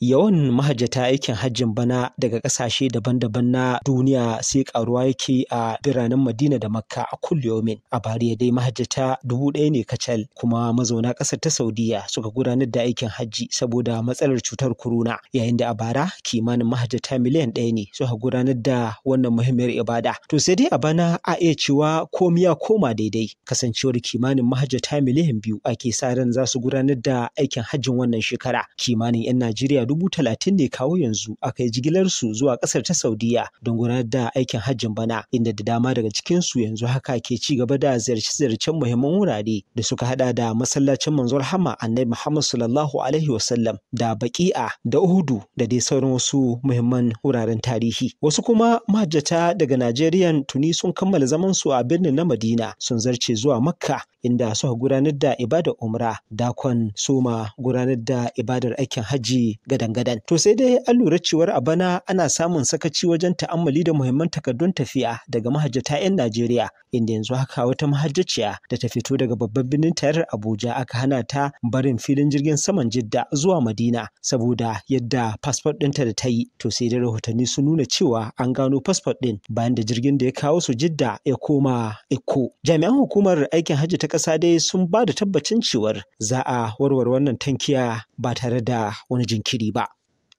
yawan mahajjata aikin hajjin bana daga ƙasashe daban-daban na duniya sai karuwa yake a biranen Madina da Makka a kullumin A bariya dai mahajjata dubu ɗaya ne kacal kuma mazauna ƙasar ta Saudiya suka gudanar da aikin hajji saboda matsalar cutar corona yayin da a bara kimanin mahajjata miliyan ɗaya ne suka gudanar da wannan muhimmiyar ibada. To sai dai a bana a iya cewa komiya koma daidai kasancewar kimanin mahajjata miliyan biyu ake sa ran za su gudanar da aikin hajjin wannan shekara kimanin 'yan Najeriya Najeriya dubu talatin ne kawo yanzu aka yi jigilarsu zuwa ƙasar ta Saudiya don gudanar da aikin hajjin bana inda da dama daga cikinsu yanzu haka ke ci gaba da ziyarce-ziyarcen muhimman wurare da suka hada da masallacin manzon hama annabi Muhammad sallallahu alaihi wasallam da baki'a da Uhudu da dai sauran wasu muhimman wuraren tarihi. Wasu kuma mahajjata daga Najeriya tuni sun kammala zaman su a birnin na Madina sun zarce zuwa Makka inda suka gudanar da ibadar umra dakon soma gudanar da ibadar aikin hajji gadan-gadan. To sai dai an lura cewar a bana ana samun sakaci wajen ta'ammali da muhimman takardun tafiya daga mahajjata 'yan Najeriya inda yanzu haka wata mahajjaciya da ta fito daga babban birnin tarayyar Abuja aka hana ta barin filin jirgin saman Jidda zuwa Madina saboda yadda fasfot ɗinta da ta yi. To sai dai rahotanni sun nuna cewa an gano fasfot ɗin bayan da jirgin da ya kawo su Jidda ya koma Eko. Jami'an hukumar aikin hajji ta ƙasa dai sun ba da tabbacin cewar za a warware wannan tankiya ba tare da wani jinkiri. ဒီဘ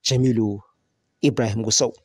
ဂျမီလူအစ္စရာဟမ်ကိုဆုပ်